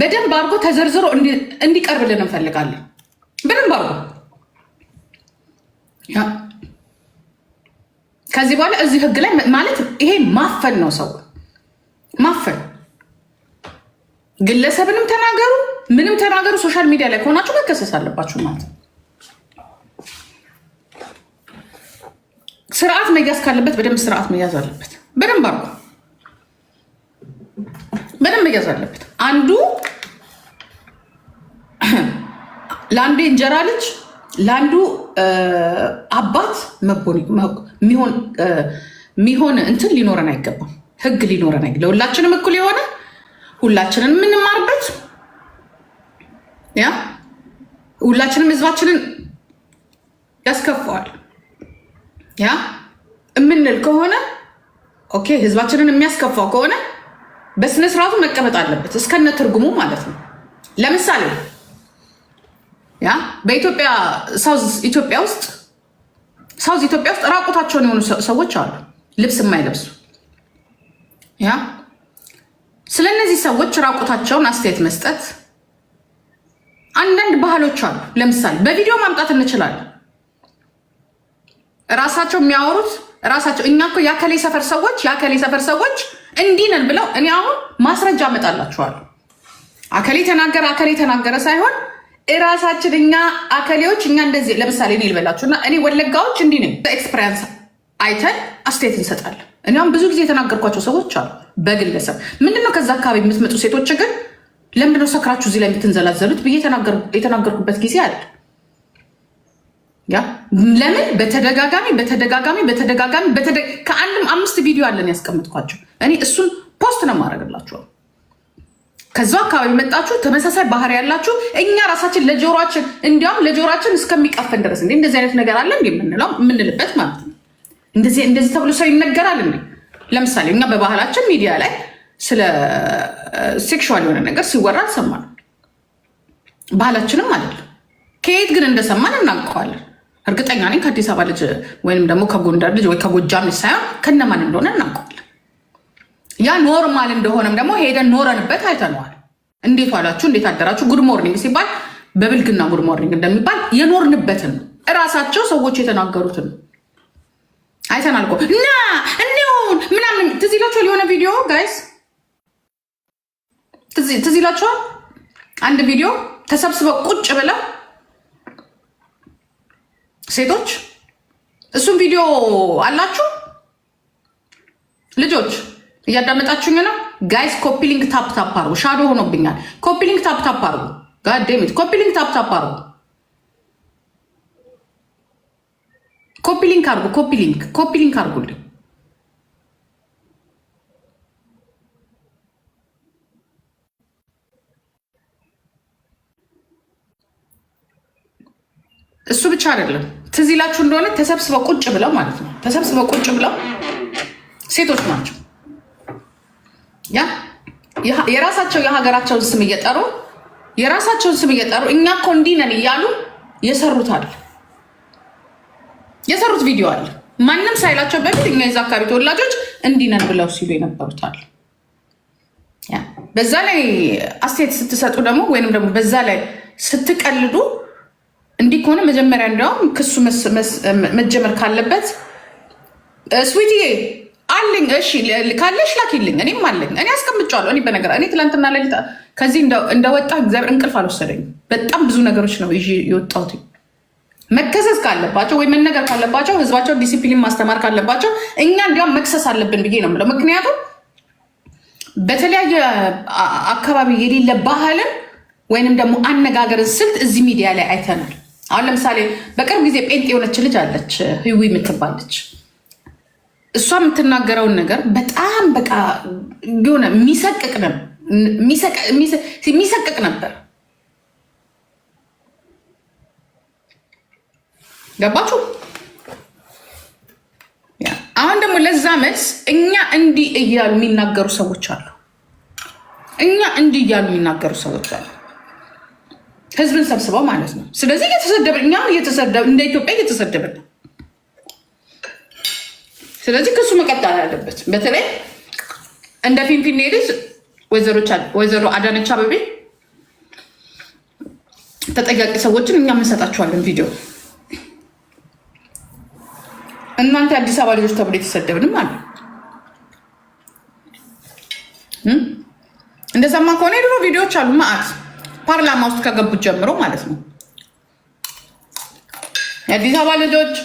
በደንብ አድርጎ ተዘርዝሮ እንዲቀርብልን እንፈልጋለን። በደንብ አድርጎ ከዚህ በኋላ እዚህ ህግ ላይ ማለት ይሄ ማፈን ነው፣ ሰው ማፈን። ግለሰብንም ተናገሩ ምንም ተናገሩ፣ ሶሻል ሚዲያ ላይ ከሆናችሁ መከሰስ አለባችሁ ማለት ነው። ስርዓት መያዝ ካለበት በደንብ ስርዓት መያዝ አለበት። በደንብ አድርጎ በደንብ መያዝ አለበት። ለአንዱ የእንጀራ ልጅ ለአንዱ አባት የሚሆን እንትን ሊኖረን አይገባም። ህግ ሊኖረን አይ ለሁላችንም እኩል የሆነ ሁላችንን የምንማርበት ያ ሁላችንም ህዝባችንን ያስከፋዋል ያ የምንል ከሆነ ኦኬ፣ ህዝባችንን የሚያስከፋው ከሆነ በስነስርዓቱ መቀመጥ አለበት፣ እስከነ ትርጉሙ ማለት ነው። ለምሳሌ ያ በኢትዮጵያ ሳውዝ ኢትዮጵያ ውስጥ ሳውዝ ኢትዮጵያ ውስጥ ራቁታቸውን የሆኑ ሰዎች አሉ፣ ልብስ የማይለብሱ ያ ስለ እነዚህ ሰዎች ራቁታቸውን አስተያየት መስጠት አንዳንድ ባህሎች አሉ። ለምሳሌ በቪዲዮ ማምጣት እንችላለን። ራሳቸው የሚያወሩት ራሳቸው እኛ እኮ የአከሌ ሰፈር ሰዎች የአከሌ ሰፈር ሰዎች እንዲህ ነን ብለው እኔ አሁን ማስረጃ አመጣላችኋለሁ። አከሌ ተናገረ አከሌ ተናገረ ሳይሆን እራሳችን እኛ አከሌዎች እኛ እንደዚህ ለምሳሌ እኔ ልበላችሁ እና እኔ ወለጋዎች እንዲህ ነኝ። በኤክስፐሪንስ አይተን አስተያየት እንሰጣለን። እኒም ብዙ ጊዜ የተናገርኳቸው ሰዎች አሉ በግለሰብ ምንድነው። ከዛ አካባቢ የምትመጡ ሴቶች ግን ለምንድነው ሰክራችሁ እዚህ ላይ የምትንዘላዘሉት ብዬ የተናገርኩበት ጊዜ አለ። ያ ለምን በተደጋጋሚ በተደጋጋሚ በተደጋጋሚ ከአንድም አምስት ቪዲዮ አለን ያስቀምጥኳቸው። እኔ እሱን ፖስት ነው ማድረግላችኋል ከዛ አካባቢ መጣችሁ ተመሳሳይ ባህሪ ያላችሁ እኛ ራሳችን ለጆሮችን እንዲያውም ለጆሮችን እስከሚቀፈን ድረስ እንዴ እንደዚህ አይነት ነገር አለ እንደ የምንለው የምንልበት ማለት ነው። እንደዚህ እንደዚህ ተብሎ ሰው ይነገራል። ለምሳሌ እኛ በባህላችን ሚዲያ ላይ ስለ ሴክሹዋል የሆነ ነገር ሲወራ እንሰማለን። ባህላችንም አይደለም። ከየት ግን እንደሰማን እናውቀዋለን። እርግጠኛ ነኝ ከአዲስ አበባ ልጅ ወይንም ደግሞ ከጎንደር ልጅ ወይ ከጎጃም ልጅ ሳይሆን ከነማን እንደሆነ እናውቀዋለን። ያ ኖርማል እንደሆነም ደግሞ ሄደን ኖረንበት አይተነዋል። እንዴት ዋላችሁ፣ እንዴት አደራችሁ፣ ጉድ ሞርኒንግ ሲባል በብልግና ጉድ ሞርኒንግ እንደሚባል የኖርንበትን ነው። እራሳቸው ሰዎች የተናገሩትን ነው አይተናል እኮ እና እኔውን ምናምን ትዝ ይላችኋል። የሆነ ቪዲዮ ጋይስ ትዝ ይላችኋል። አንድ ቪዲዮ ተሰብስበው ቁጭ ብለው ሴቶች፣ እሱም ቪዲዮ አላችሁ ልጆች እያዳመጣችሁኝ ነው ጋይስ? ኮፒሊንግ ታፕ ታፕ አርጉ። ሻዶ ሆኖብኛል። ኮፒሊንግ ታፕ ታፕ አርጉ። ጋዴሚት ኮፒሊንግ ታፕ ታፕ አርጉ። ኮፒሊንግ አርጉ። ኮፒሊንግ ኮፒሊንግ አርጉልኝ። እሱ ብቻ አይደለም። ትዝ ይላችሁ እንደሆነ ተሰብስበው ቁጭ ብለው ማለት ነው። ተሰብስበው ቁጭ ብለው ሴቶች ናቸው ያ የራሳቸው የሀገራቸውን ስም እየጠሩ የራሳቸውን ስም እየጠሩ እኛ እኮ እንዲህ ነን እያሉ የሰሩት አለ የሰሩት ቪዲዮ አለ። ማንም ሳይላቸው በፊት እኛ የዛ አካባቢ ተወላጆች እንዲህ ነን ብለው ሲሉ የነበሩት አለ። በዛ ላይ አስተያየት ስትሰጡ ደግሞ ወይም ደግሞ በዛ ላይ ስትቀልዱ እንዲህ ከሆነ መጀመሪያ እንዲያውም ክሱ መጀመር ካለበት ስዊቲዬ አለኝ። እሺ ካለሽ ላኪልኝ። እኔም አለኝ። እኔ አስቀምጫዋለሁ። እኔ በነገር እኔ ትላንትና ሌሊት ከዚህ እንደወጣ እግዚአብሔር እንቅልፍ አልወሰደኝ በጣም ብዙ ነገሮች ነው ይዤ የወጣሁት። መከሰስ ካለባቸው ወይ መነገር ካለባቸው ህዝባቸው ዲሲፕሊን ማስተማር ካለባቸው እኛ እንዲያውም መክሰስ አለብን ብዬ ነው የምለው። ምክንያቱም በተለያየ አካባቢ የሌለ ባህልን ወይንም ደግሞ አነጋገርን ስልት እዚህ ሚዲያ ላይ አይተናል። አሁን ለምሳሌ በቅርብ ጊዜ ጴንጤ የሆነች ልጅ አለች፣ ህዊ የምትባለች እሷ የምትናገረውን ነገር በጣም በቃ ሆነ የሚሰቅቅ ነበር። ገባችሁ? አሁን ደግሞ ለዛ መልስ እኛ እንዲህ እያሉ የሚናገሩ ሰዎች አሉ። እኛ እንዲህ እያሉ የሚናገሩ ሰዎች አሉ። ህዝብን ሰብስበው ማለት ነው። ስለዚህ እየተሰደብን እኛ እንደ ኢትዮጵያ እየተሰደበ ነው ስለዚህ ክሱ መቀጠል አለበት። በተለይ እንደ ፊንፊኔ ልጅ ወይዘሮ አዳነች አበቤ ተጠያቂ ሰዎችን እኛ የምንሰጣቸዋለን ቪዲዮ እናንተ የአዲስ አበባ ልጆች ተብሎ የተሰደብንም አለ። እንደዛማ ከሆነ የድሮ ቪዲዮዎች አሉ ማአት ፓርላማ ውስጥ ከገቡት ጀምሮ ማለት ነው የአዲስ አበባ ልጆች